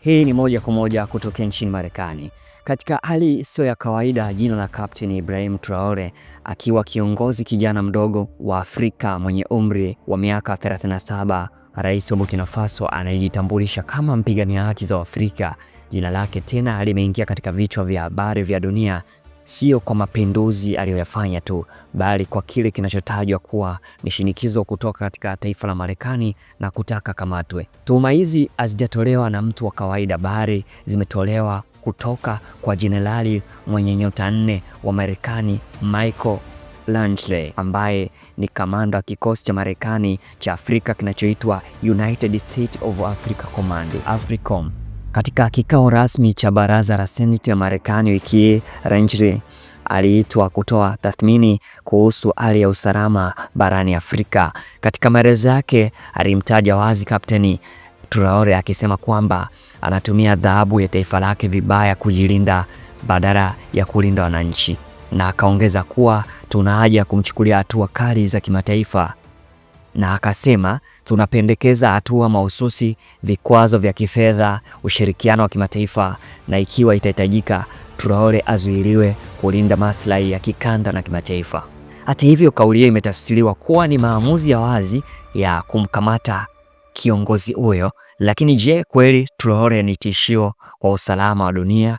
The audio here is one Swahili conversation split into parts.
Hii ni moja kwa moja kutokea nchini Marekani. Katika hali isiyo ya kawaida, jina la Captain Ibrahim Traore akiwa kiongozi kijana mdogo wa Afrika mwenye umri wa miaka 37, rais wa Burkina Faso anayejitambulisha kama mpigania haki za Afrika, jina lake tena limeingia katika vichwa vya habari vya dunia sio kwa mapinduzi aliyoyafanya tu, bali kwa kile kinachotajwa kuwa ni shinikizo kutoka katika taifa la Marekani na kutaka kamatwe. Tuhuma hizi hazijatolewa na mtu wa kawaida, bali zimetolewa kutoka kwa jenerali mwenye nyota nne wa Marekani Michael Langley ambaye ni kamanda wa kikosi cha Marekani cha Afrika kinachoitwa United States of Africa Command, AFRICOM. Katika kikao rasmi cha baraza la seneti ya Marekani wiki hii, aliitwa kutoa tathmini kuhusu hali ya usalama barani Afrika. Katika maelezo yake, alimtaja wazi Kapteni Traore akisema kwamba anatumia dhahabu ya taifa lake vibaya kujilinda badala ya kulinda wananchi, na akaongeza kuwa tuna haja ya kumchukulia hatua kali za kimataifa na akasema tunapendekeza hatua mahususi, vikwazo vya kifedha, ushirikiano wa kimataifa, na ikiwa itahitajika, Traore azuiliwe kulinda maslahi ya kikanda na kimataifa. Hata hivyo, kauli hiyo imetafsiriwa kuwa ni maamuzi ya wazi ya kumkamata kiongozi huyo. Lakini je, kweli Traore ni tishio kwa usalama wa dunia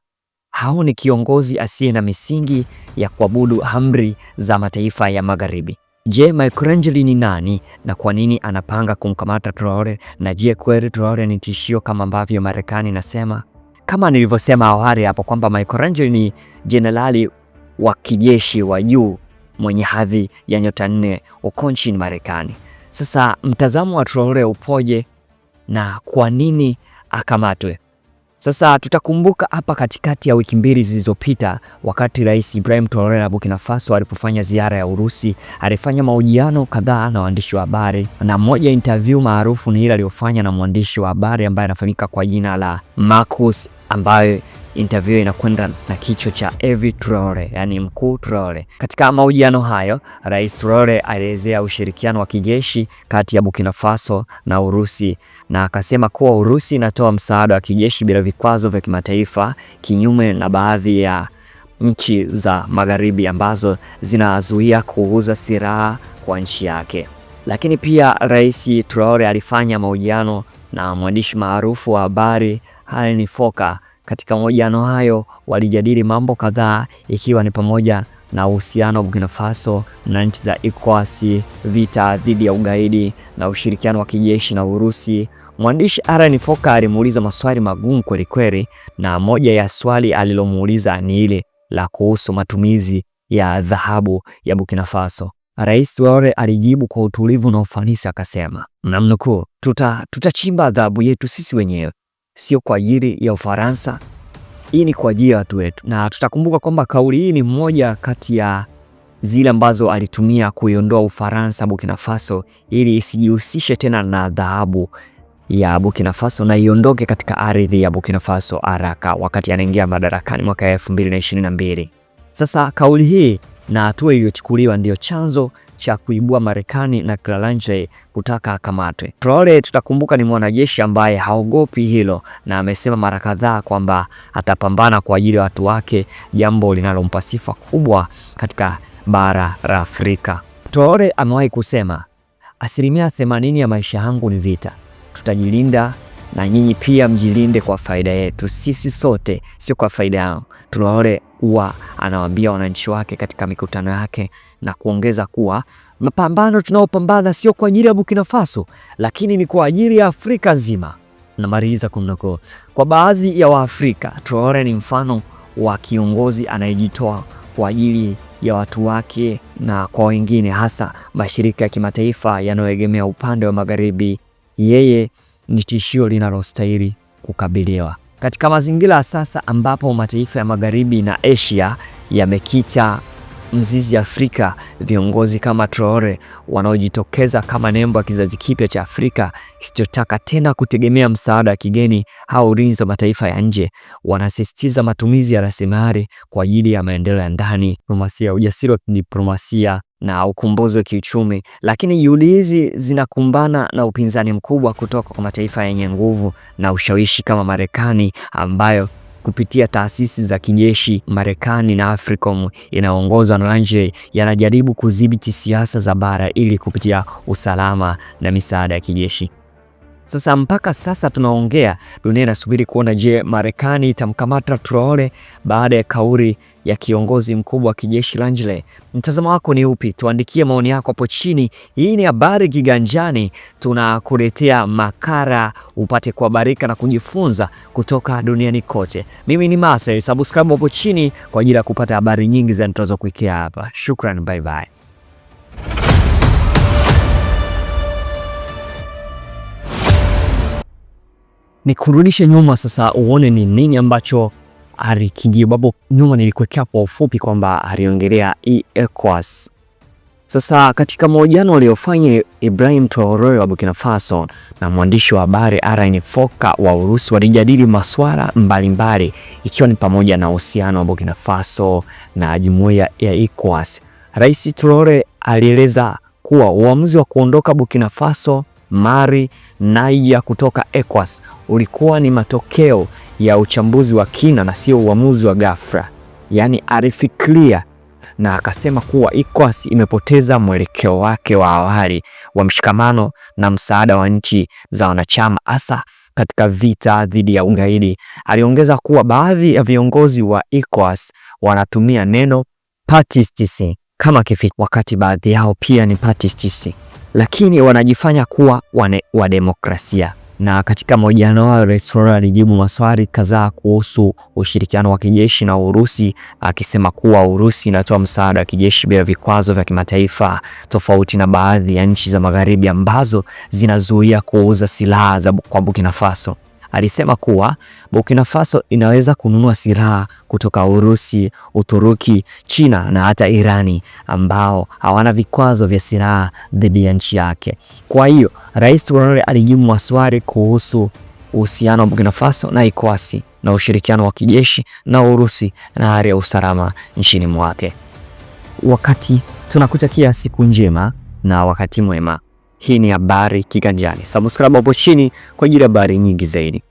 au ni kiongozi asiye na misingi ya kuabudu amri za mataifa ya Magharibi? Je, Michelangelo ni nani na kwa nini anapanga kumkamata Traore? Na je, kweli Traore ni tishio kama ambavyo Marekani inasema? Kama nilivyosema awali hapo kwamba Michelangelo ni jenerali wa kijeshi wa juu mwenye hadhi ya nyota nne uko nchini Marekani. Sasa mtazamo wa Traore upoje na kwa nini akamatwe? Sasa tutakumbuka hapa katikati ya wiki mbili zilizopita, wakati Rais Ibrahim Traore wa Burkina Faso alipofanya ziara ya Urusi, alifanya mahojiano kadhaa na waandishi wa habari, na moja interview maarufu ni ile aliyofanya na mwandishi wa habari ambaye anafahamika kwa jina la Marcus ambaye interview inakwenda na kichwa cha Evi Traore, yani mkuu Traore. Katika mahojiano hayo, Rais Traore alielezea ushirikiano wa kijeshi kati ya Burkina Faso na Urusi na akasema kuwa Urusi inatoa msaada wa kijeshi bila vikwazo vya kimataifa, kinyume na baadhi ya nchi za magharibi ambazo zinazuia kuuza silaha kwa nchi yake. Lakini pia Rais Traore alifanya mahojiano na mwandishi maarufu wa habari Hani Foka katika mahojiano hayo walijadili mambo kadhaa ikiwa ni pamoja na uhusiano wa Burkina Faso na nchi za ECOWAS, vita dhidi ya ugaidi na ushirikiano wa kijeshi na Urusi. Mwandishi Aaron Foka alimuuliza maswali magumu kweli kweli, na moja ya swali alilomuuliza ni ile la kuhusu matumizi ya dhahabu ya Burkina Faso. Rais Traore alijibu kwa utulivu na ufanisi akasema, namnukuu, tuta tutachimba dhahabu yetu sisi wenyewe sio kwa ajili ya Ufaransa, hii ni kwa ajili ya watu wetu. Na tutakumbuka kwamba kauli hii ni moja kati ya zile ambazo alitumia kuiondoa Ufaransa Burkina Faso ili isijihusishe tena na dhahabu ya Burkina Faso na iondoke katika ardhi ya Burkina Faso haraka, wakati anaingia madarakani mwaka 2022. Sasa kauli hii na hatua iliyochukuliwa ndiyo chanzo cha kuibua Marekani na Clarence kutaka akamatwe. Traore tutakumbuka ni mwanajeshi ambaye haogopi hilo, na amesema mara kadhaa kwamba atapambana kwa ajili ya watu wake, jambo linalompa sifa kubwa katika bara la Afrika. Traore amewahi kusema asilimia 80 ya maisha yangu ni vita, tutajilinda na nyinyi pia mjilinde kwa faida yetu sisi sote, sio kwa faida yao. Traore huwa anawaambia wananchi wake katika mikutano yake na kuongeza kuwa mapambano tunaopambana sio kwa ajili ya Burkina Faso, lakini ni kwa ajili ya Afrika nzima. Namaliza kumnukuu. Kwa baadhi ya Waafrika, Traore ni mfano wa kiongozi anayejitoa kwa ajili ya watu wake na kwa wengine, hasa mashirika ya kimataifa yanayoegemea upande wa magharibi. Yeye ni tishio linalostahili kukabiliwa. Katika mazingira ya sasa ambapo mataifa ya Magharibi na Asia yamekita mzizi Afrika, viongozi kama Traore wanaojitokeza kama nembo ya kizazi kipya cha Afrika kisichotaka tena kutegemea msaada wa kigeni au ulinzi wa mataifa ya nje, wanasisitiza matumizi ya rasilimali kwa ajili ya maendeleo ya ndani, diplomasia, ujasiri wa kidiplomasia na ukumbuzi wa kiuchumi, lakini juhudi hizi zinakumbana na upinzani mkubwa kutoka kwa mataifa yenye nguvu na ushawishi kama Marekani ambayo kupitia taasisi za kijeshi Marekani na AFRICOM inayoongozwa na Niger yanajaribu kudhibiti siasa za bara ili kupitia usalama na misaada ya kijeshi. Sasa mpaka sasa tunaongea, dunia inasubiri kuona, je, Marekani itamkamata Traore baada ya kauli ya kiongozi mkubwa wa kijeshi Langley? Mtazamo wako ni upi? Tuandikie maoni yako hapo chini. Hii ni Habari Kiganjani, tunakuletea makara upate kuhabarika na kujifunza kutoka duniani kote. Mimi ni Mase, subscribe hapo chini kwa ajili ya kupata habari nyingi za kuikia hapa. Shukran, bye bye. nikurudishe nyuma sasa uone ni nini ambacho alikijibu babu nyuma. Nilikuwekea kwa ufupi kwamba aliongelea ECOWAS. Sasa katika mahojiano aliyofanya Ibrahim Traore wa Burkina Faso na mwandishi wa habari Alain Foka wa Urusi walijadili masuala mbalimbali ikiwa ni pamoja na uhusiano wa Burkina Faso na jumuiya ya ECOWAS. Rais Traore alieleza kuwa uamuzi wa kuondoka Burkina Faso Mari Naija kutoka ECOWAS ulikuwa ni matokeo ya uchambuzi wa kina na sio uamuzi wa ghafla, yaani alifikiria na akasema kuwa ECOWAS imepoteza mwelekeo wake wa awali wa mshikamano na msaada wa nchi za wanachama hasa katika vita dhidi ya ugaidi. Aliongeza kuwa baadhi ya viongozi wa ECOWAS wanatumia neno patistisi kama kificho, wakati baadhi yao pia ni patistisi lakini wanajifanya kuwa wane, wa demokrasia. Na katika mahojiano hayo, Rais alijibu maswali kadhaa kuhusu ushirikiano wa kijeshi na Urusi, akisema kuwa Urusi inatoa msaada wa kijeshi bila vikwazo vya kimataifa, tofauti na baadhi ya nchi za Magharibi ambazo zinazuia kuuza silaha kwa Burkina Faso alisema kuwa Burkina Faso inaweza kununua silaha kutoka Urusi, Uturuki, China na hata Irani ambao hawana vikwazo vya silaha dhidi ya nchi yake. Kwa hiyo Rais Traore alijibu maswali kuhusu uhusiano wa Burkina Faso na Ikwasi na ushirikiano wa kijeshi na Urusi na hali ya usalama nchini mwake. Wakati tunakutakia siku njema na wakati mwema. Hii ni Habari Kiganjani. Subscribe hapo chini kwa ajili ya habari nyingi zaidi.